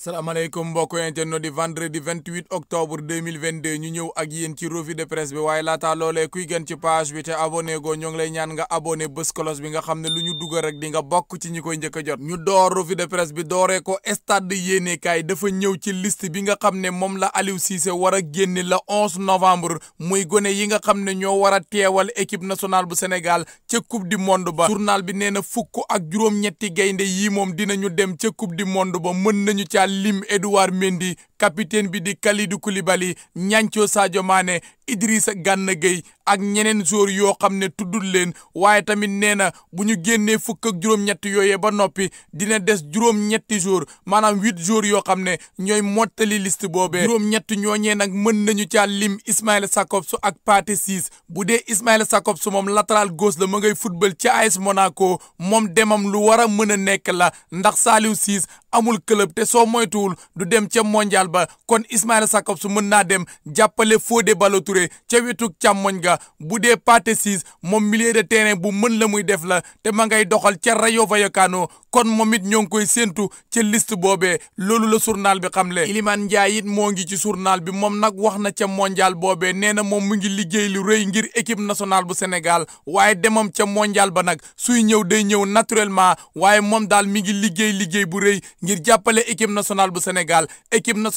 salaamaaleykum mbokk no di vendredi 28 octobre 2022 ñu ñëw ak yéen ci revue de presse bi waaye laata loolee kuy gën ci page bi te abonné goo ñoo lay ñaan nga abonné bés kolos bi nga xam ne lu ñu dugal rek di nga bokk ci ñi ko jëkk a jot ñu door revue de presse bi dooree ko stade yéenekaay dafa ñëw ci list bi nga xam ne moom la Aliou Cissé war a génne la 11 novembre muy gone yi nga xam ne ñoo war a teewal équipe nationale bu Sénégal ca coupe du monde ba journal bi nee na fukk ak juróom-ñetti gaynde moom dinañu dem ca coupe du monde ba mën nañu caal Salim Edouard Mendy capitaine bi di Kalidou Koulibaly ñancoo Sadio Mané Idrissa Gana Gueye ak ñeneen joueur yoo xam ne tuddul leen waaye tamit nee na bu ñu génnee fukk ak juróom-ñett yooyee ba noppi dina des juróom-ñetti joueur maanaam huit joueur yoo xam ne ñooy mottali liste boobee juróom-ñett ñooñee nag mën nañu caa lim Ismaïla Jakobs ak Pathé Ciss bu dee Ismaïla Jakobs moom latéral gauche la ma ngay football ci AS Monaco moom demam lu war a mën a nekk la ndax Saliou Ciss amul club te soo moytuwul du dem ca mondial ba kon Ismaïla Sakho su mën naa dem jàppale Fodé Ballo-Touré ca wetu càmmoñ ga bu dee Pathé Ciss moom milieu de terrain bu mën la muy def la te ma ngay doxal ca Rayo Vallecano kon moom it ñoo ngi koy séentu ca list boobee loolu la surnal bi xam le Iliman Ndiaye it moo ngi ci journal bi moom nag wax na ca mondial boobee nee na moom mu ngi liggéey lu rëy ngir équipe nationale bu Sénégal waaye demam ca mondial ba nag suy ñëw da ñëw naturellement waaye moom daal mi ngi liggéey liggéey bu rëy ngir jàppale équipe nationale bu Sénégal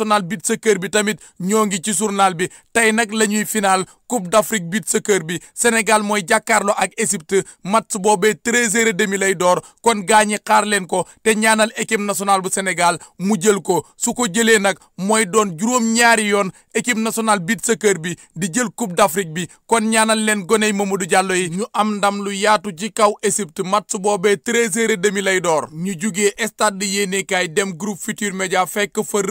national beach soccer bi tamit ñoo ngi ci journal bi tey nag la ñuy final coupe d'Afrique beach soccer bi Sénégal mooy jàkkaarloo ak Égypte match boobe treize heures et demi lay door kon gaañi xaar leen ko te ñaanal équipe national bu Sénégal mu jël ko su ko jëlee nag mooy doon juróom-ñaari yoon équipe nationale beach soccer bi di jël coupe d'Afrique bi kon ñaanal leen goney Mamadou Diallo yi ñu am ndam lu yaatu ci kaw Égypte mats boobee treize heures et demi lay door ñu jugee stade yéenekaay dem groupe Futurs Médias fekk fa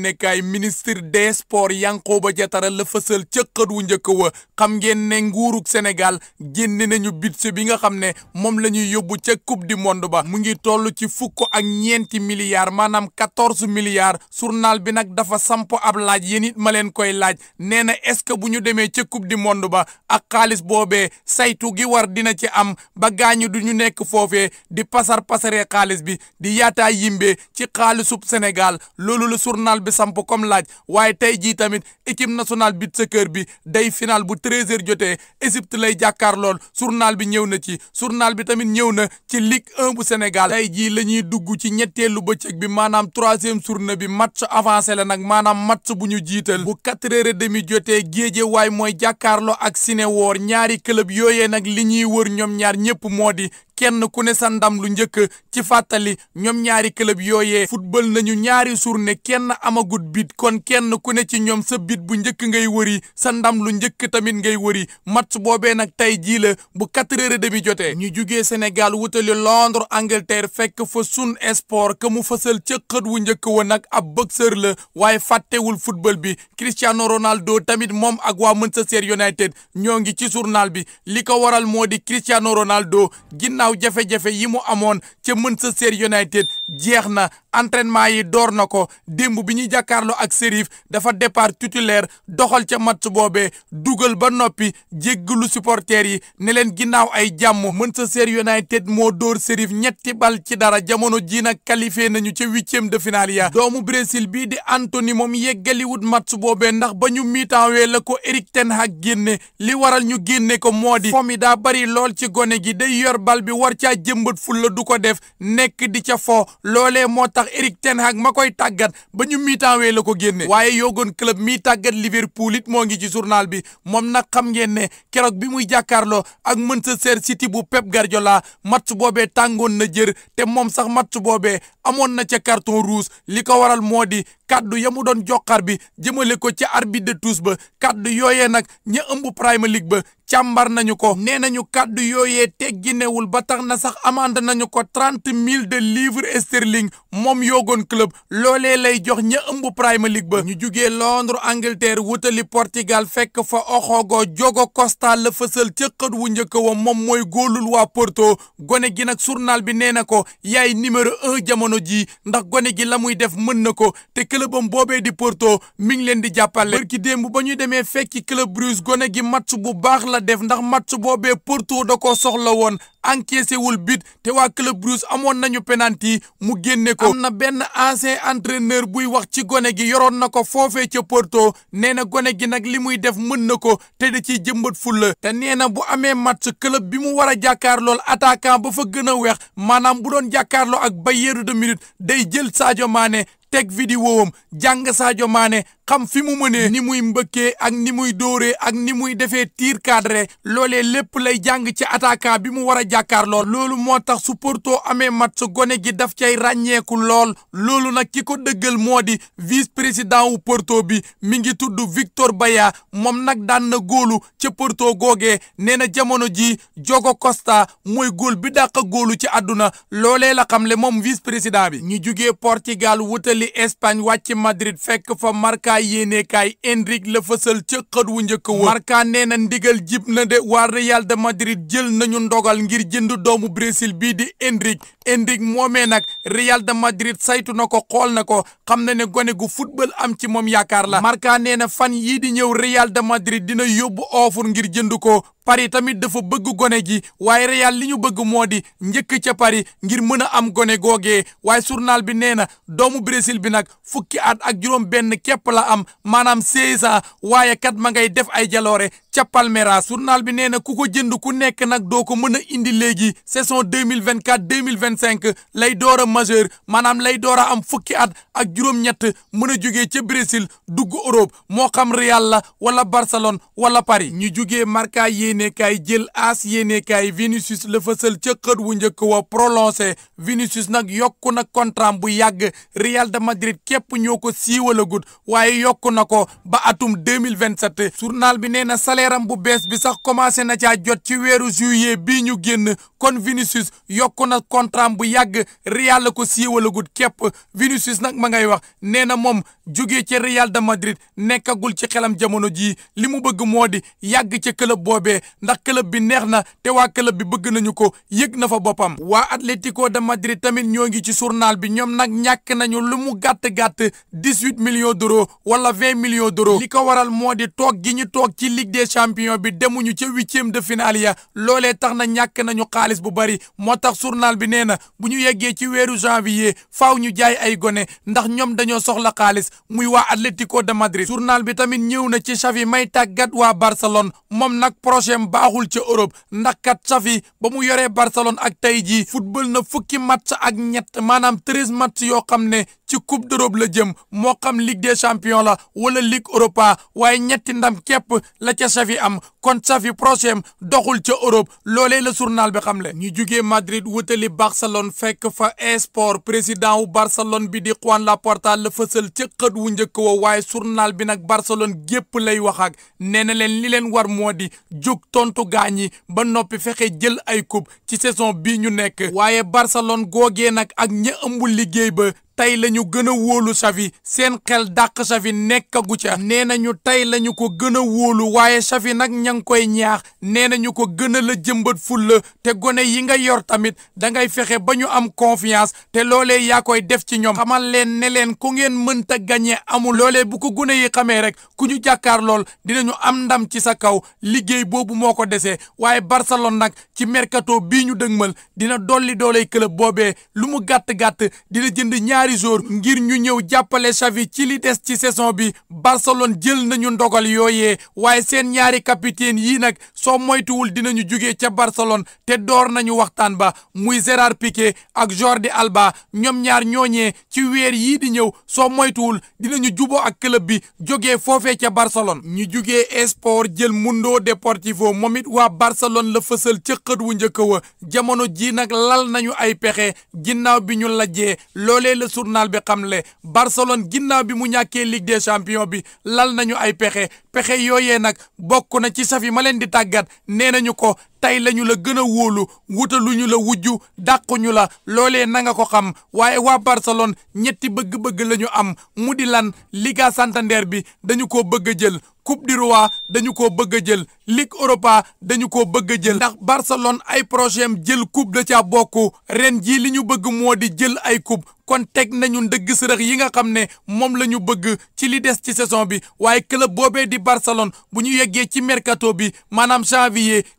yéenekaay ministre des sports Yankhoba Diattara la fësal ca xët wu njëkk wa xam ngeen ne nguurug Sénégal génne nañu budget bi nga xam ne moom la ñuy yóbbu ca coupe du monde ba mu ngi toll ci fukk ak ñeenti milliards maanaam quatorze milliards journal bi nag dafa samp ab laaj yéen it ma leen koy laaj nee na est-ce que bu ñu demee ca coupe du monde ba ak xaalis boobee saytu gi war dina ci am ba gaañu du ñu nekk foofee di pasar pasaree xaalis bi di yaata yimbee ci xaalisub samp comme laaj waaye tey jii tamit équipe nationale beach soccer bi day final bu 13h jotee Égypte lay jàkkaar lool bi ñëw na ci surnal bi tamit ñëw na ci lig 1 bu Sénégal tey jii la ñuy dugg ci ñetteelu bëccëg bi maanaam troisième journée bi match avancé la nag maanaam match bu ñu jiital bu 4h30 jotee Guédiawaye mooy jàkkaarloo ak sine woor ñaari club yooyee nag li ñuy wër ñoom ñaar ñëpp moo di kenn ku ne sa ndam lu njëkk ci fàttali ñoom ñaari club yooyee football nañu ñaari journée kenn amagut bit kon kenn ku ne ci ñoom sa bit bu njëkk ngay wëri sa ndam lu njëkk tamit ngay wëri match boobee nag tey jii la bu quatre heures et demi jotee ñu jugee Sénégal wutali Londres Angleterre fekk fa Sun Sport que mu fësal wu njëkk wa nag ab boxeur la waaye fàttewul football bi Cristiano Ronaldo tamit moom ak waa Manchester United ñoo ngi ci journal bi li ko waral moo di Cristiano Ronaldo ginnaaw ginnaaw jafe-jafe yi mu amoon ca Manchester United jeex na entraînement yi door na ko démb bi ñuy jàkkaarloo ak Serif dafa départ titulaire doxal ca match boobee dugal ba noppi jéggalu supporters yi ne leen ginnaaw ay jàmm mën sa Manchester United moo door Serif ñetti bal ci dara jamono jiina nag nañu ca huitième de finale ya doomu Brésil bii di Antony moom yeggaliwut match boobee ndax ba ñu mi la ko Eric ten Hag génne li waral ñu génne ko moo di fomm daa bari lool bi war caa jëmbat ful la du ko def nekk di ca fo loole moo tax Eric Ten Hag ma koy tàggat ba ñu mi-temps la ko génne waaye yogoon club mi tàggat Liverpool it moo ngi ci journal bi moom nag xam ngeen ne keroog bi muy jàkkaarloo ak mën Manchester siti bu Pep Guardiola match boobee tàngoon na jër te moom sax match boobee amoon na ca carton rouge li ko waral moo di kaddu ya mu doon joxar bi jëmale ko ci arbitre de touche ba kaddu yooyee nag ña ëmb Premier League ba càmbar nañu ko nee nañu kaddu yooyee tegginewul ba tax na sax amande nañu ko trente mille de livres sterling moom yoogoon club loole lay jox ña ëmb Premier League ba. ñu jugee Londres Angleterre wutali Portugal fekk fa Oxogo Diogo Costa la fësal ca xët wu njëkk wa moom mooy góolul wa Porto gone gi nag surnal bi nee na ko yaay numéro un jamono jii ndax gone gi la muy def mën na ko clubam boobee di Porto mi ngi leen di jàppale bërki démb ba ñu demee fekki club Bruges gone gi match bu baax la def ndax match boobee Porto da ko soxla woon encaissé wul but te waa club Bruges amoon nañu penalty mu génne ko. am na benn ancien entraîneur buy wax ci gone gi yoroon na ko foofee ca Porto nee na gone gi nag li muy def mën na ko te da ciy jëmbat fulla te nee na bu amee match club bi mu war a jàkkaarlool attaquant ba fa gën a weex maanaam bu doon jàkkaarloo ak Bayern de Munich day jël Sadio Mané teg vidéo am jàng Sadio Mané xam fi mu mënee ni muy mbëkkee ak ni muy dóoree ak ni muy defee tiir cadré loole lépp lay jàng ci attaquant bi mu war a jàkkaarloo loolu moo tax su Porto amee mat su gone gi daf cay ràññeeku lool loolu nag ki ko dëggal moo di vice président wu Porto bi mi ngi tudd Victor Baya moom nag daan na góolu ci Porto googee nee na jamono ji Diogo kosta mooy góol bi dàq góolu ci àdduna loole la xam xamle moom vice président bi ñu jugee Portugal wutali Espagne wàcc Madrid fekk fa Marca kaay yéene kaay Enrique la fësal ca xët wu njëkk wa na ndigal jib na de waa Real de Madrid jël nañu ndogal ngir jënd doomu Brésil bii di Enrique Enrique moomee nag Real de Madrid saytu na ko xool na ko xam na ne gone gu football am ci moom yaakaar la Marca nee na fan yii di ñëw Real de Madrid dina yóbbu offre ngir jënd ko Paris tamit dafa bëgg gone ji waaye Real li ñu bëgg moo di njëkk ca Paris ngir mën a am gone googe waaye journal bi nee na doomu Brésil bi nag fukki at ak juróom benn képp la am maanaam seize waaye kat ma ngay def ay jaloore ca Palmeiras journal bi nee na ku ko jënd ku nekk nag doo ko mën a indi léegi seson deux mille vingt quatre deux mil vingt cinq lay door a majeur maanaam lay door a am fukki at ak juróom-ñett mën a jógee ca Brésil dugg Europe moo xam Real la wala Barcelone yéenekaay jël as yéenekaay Vinicius la fësal ca xët wu njëkk wa prolongé Vinicius nag yokku na contrat bu yàgg Real de Madrid képp ñoo ko siiwalagut waaye yokku na ko ba atum 2027 journal bi nee na salaire bu bees bi sax commencé na caa jot ci weeru juillet bii ñu génn kon Vinicius yokku na contrant bu yàgg Real ko ko siiwalagut képp Vinicius nag ma ngay wax nee na moom jógee ca Real de Madrid nekkagul ci xelam jamono jii li mu bëgg moo di yàgg ca club boobee boobee ndax club bi neex na te waa club bi bëgg nañu ko yëg na fa boppam waa Atlético de Madrid tamit ñoo ngi ci journal bi ñoom nag ñàkk nañu lu mu gàtt-gàtt dix-huit millions d'euros wala vingt millions d'euros li ko waral moo di toog gi ñu toog ci Ligue des champions bi demuñu ci huitième de finale ya loolee tax na ñàkk nañu xaalis bu bari moo tax journal bi nee na bu ñu yeggee ci weeru janvier faw ñu jaay ay gone ndax ñoom dañoo soxla xaalis muy waa Atlético de Madrid journal bi tamit ñëw na ci Xavi may tàggat waa Barcelone ba baaxul ca Europe ndax kat Xavi ba mu yoree Barcelone ak tey jii football na fukki match ak ñett maanaam treize match yoo xam ne ci coupe d'Europe la jëm moo xam Ligue des la wala Ligue Europa waaye ñetti ndam képp la ca Xavi am kon Xavi projet doxul ca Europe loolee la journal bi xam xamle ñu jugee Madrid wutali Barcelone fekk fa esport président wu Barcelone bi di la Laporta la fësal ca xët wu njëkk wa waaye journal bi nag Barcelone gépp lay wax ak nee na leen li leen war moo di jóg tontu gaañi ba noppi fexe jël ay coupe ci saison bi ñu nekk waaye Barcelone googee nag ak ña ëmbul liggéey ba tey la ñu gën a wóolu Xavi seen xel dàq Xavi nekkagu ca nee nañu tey la ñu ko gën a wóolu waaye Xavi nag ña ngi koy ñaax nee na ñu ko gën a la jëmbat fulla te gone yi nga yor tamit dangay fexe ba ñu am confiance te loole yaa koy def ci ñoom xamal leen ne leen ko ngeen mënta gagné amul loole bu ko gone yi xamee rek ku ñu jàkkaar lool ñu am ndam ci sa kaw liggéey boobu moo ko desee waaye Barcelone nag ci mercato bii ñu dëgmal dina dolli dooley club boobee lu ñaari ngir ñu ñëw jàppale Xavi ci li des ci saison bi Barcelone jël nañu ndogal yooyee waaye seen ñaari capitaine yii nag soo moytuwul dinañu jugee ca Barcelone te door nañu waxtaan ba muy Gérard Piqué ak Jordi Alba ñoom ñaar ñooñee ci weer yii di ñëw soo moytuwul dinañu juboo ak club bi jógee foofee ca Barcelone ñu jugee Esport jël Mundo Deportivo moom it waa Barcelone la fësal ca wu njëkk wa jamono ji nag lal nañu ay pexe ginnaaw bi ñu lajjee loolee la journal bi xamle Barcelone ginnaaw bi mu ñàkkee Ligue des champions bi lal nañu ay pexe pexe yooyee nag bokk na ci saf yi ma leen di tàggat nee nañu ko tey lañu la gën a wóolu ñu la wujju dàquñu la loole na nga ko xam waaye waa Barcelone ñetti bëgg-bëgg la ñu am mu di lan Liga Santander bi dañu ko bëgg jël Coupe du Roi dañu ko bëgg jël Ligue Europa dañu ko bëgg a jël ndax Barcelone ay projet am jël coupe da ca bokk ren jii li ñu bëgg moo di jël ay coupe kon teg nañu ndëgg sërëx yi nga xam ne moom la ñu bëgg ci li des ci saison bi waaye club Barcelone bu ñu yeggee ci mercato bi maanaam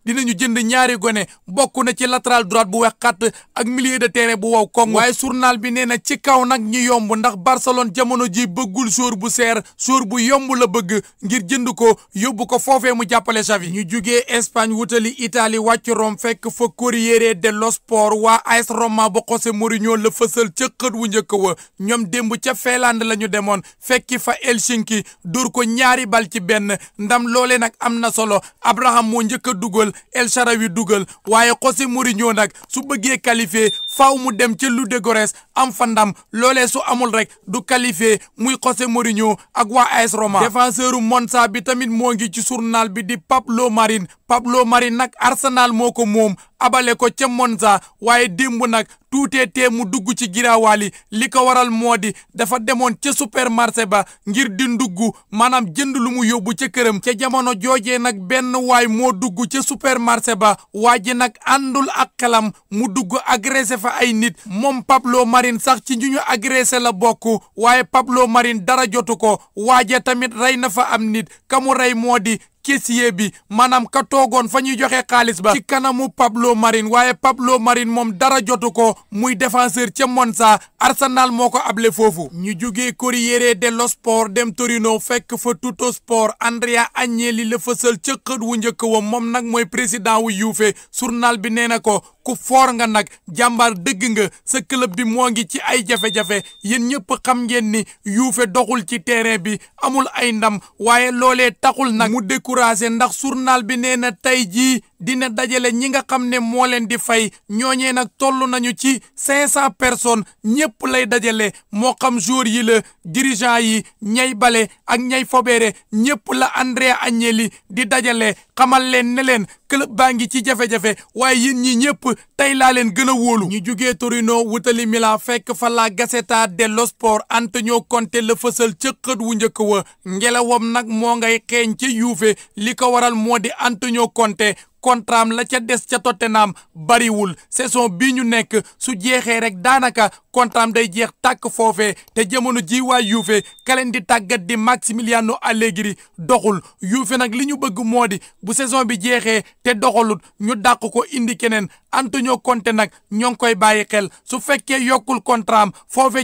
dina ñu jënd ñaari gone bokk na ci latéral droite bu wex xatt ak milieu de terrain bu wow kong waaye journal bi nee na ci kaw nag ñu yomb ndax Barcelone jamono ji bëggul joueur bu seer joueur bu yomb la bëgg ngir jënd ko yóbbu ko foofee mu jàppale Xavi ñu jugee Espagne wutali itali wàcc Rome fekk fa Corriere dello Sport waa AS Roma ba José Mourinho la fësal ca wu njëkk wa ñoom démb ca Finlande la ñu demoon fekki fa Helsinki dóor ko ñaari bal benn ndam loole nag am na solo Abraham moo njëkk a dugal El Sharawi dugal waaye José Mourinho nag su bëggee qualifié faaw mu dem ci lu Ludogorets am fa ndam loole su amul rek du qualifié muy José Mourinho ak waa AS Roma défenseur u Monza bi tamit moo ngi ci surnal bi di Pablo Marin Pablo Mari nag Arsenal moo ko moom abale ko ca sa waaye démb nag tuutee tee mu dugg ci giraawaali li ko waral moo di dafa demoon ca supermarché ba ngir di dugg maanaam jënd lu mu yóbbu ca këram ca jamono joojee nag benn waay moo dugg ca supermarché ba waa ji nag àndul ak xelam mu dugg agressé fa ay nit moom Pablo Marin sax ci ñu ñu agressé la bokk waaye Pablo Marin dara jotu ko waaje tamit rey na fa am nit ka rey moo di caissier bi maanaam ka toogoon fa ñuy joxe xaalis ba ci kanamu Pablo Marin waaye Pablo Marin moom dara jotu ko muy défenseur ca Monza Arsenal moo ko able foofu ñu jógee Corriere dello Sport dem Torino fekk fa Tuttosport Andrea Agnelli la fësal ca wu njëkk wa moom nag mooy président wu Juve journal bi nee na ko ku foor nga nag jàmbaar dëgg nga sa club bi moo ngi ci ay jafe-jafe yéen ñëpp xam ngeen ni yuufe doxul ci terrain bi amul ay ndam waaye loole taxul nag mu découragé ndax journal bi nee na tey jii dina dajale ñi nga xam ne moo leen di fay ñooñee nag toll nañu ci cinq cent personnes ñëpp lay dajale moo xam joueur yi la dirigeant yi ñay bale ak ñay fobeere ñëpp la Andrea Agnelli di dajale xamal leen ne leen club baa ngi ci jafe-jafe waaye yéen ñi ñëpp tey laa leen gën a wóolu ñu jugee Torino wutali Milan fekk fa la Gazzetta dello Sport Antonio Conte la fësal ca wu njëkk wa ngelawam nag moo ngay xeeñ ci Juve li ko waral moo di Antonio Conte contrat la ca des ca Tottenham bariwul saison bi ñu nekk su jeexee rek daanaka contrat day jeex tàkk foofee te jamono ji waa Juve ka leen di tàggat di Massimiliano Allegri doxul Juve nag li ñu bëgg moo di bu saison bi jeexee te doxalut ñu dàq ko indi keneen Antonio Conte nag ñoo ngi koy bàyyi xel su fekkee yokkul contrat am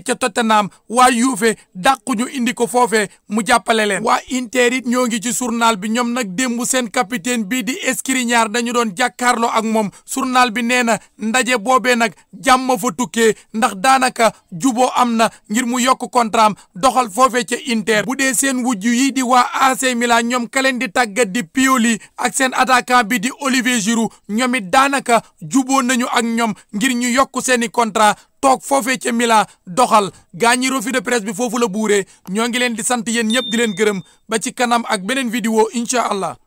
ca Tottenham waa Juve dàqu ñu indi ko foofee mu jàppale leen waa Inter it ñoo ngi ci surnal bi ñoom nag démb seen capitaine bi di Skriniar ñaar dañu doon jàkkaarloo ak moom journal bi nee na ndaje boobee nag jàmm fa tukkee ndax daanaka juboo am na ngir mu yokk contraam doxal foofee ca Inter bu dee seen wujju yi di waa AC Milan ñoom ka di tàggat di Pioli ak seen attaquant bi di Olivier Giroud ñoom it daanaka juboo nañu ak ñoom ngir ñu yokk seeni contrat toog foofee ca Milan doxal gaa ñi de presse bi foofu la buuree ñoo ngi leen di sant yéen ñëpp di leen gërëm ba ci kanam ak beneen vidéo incha allah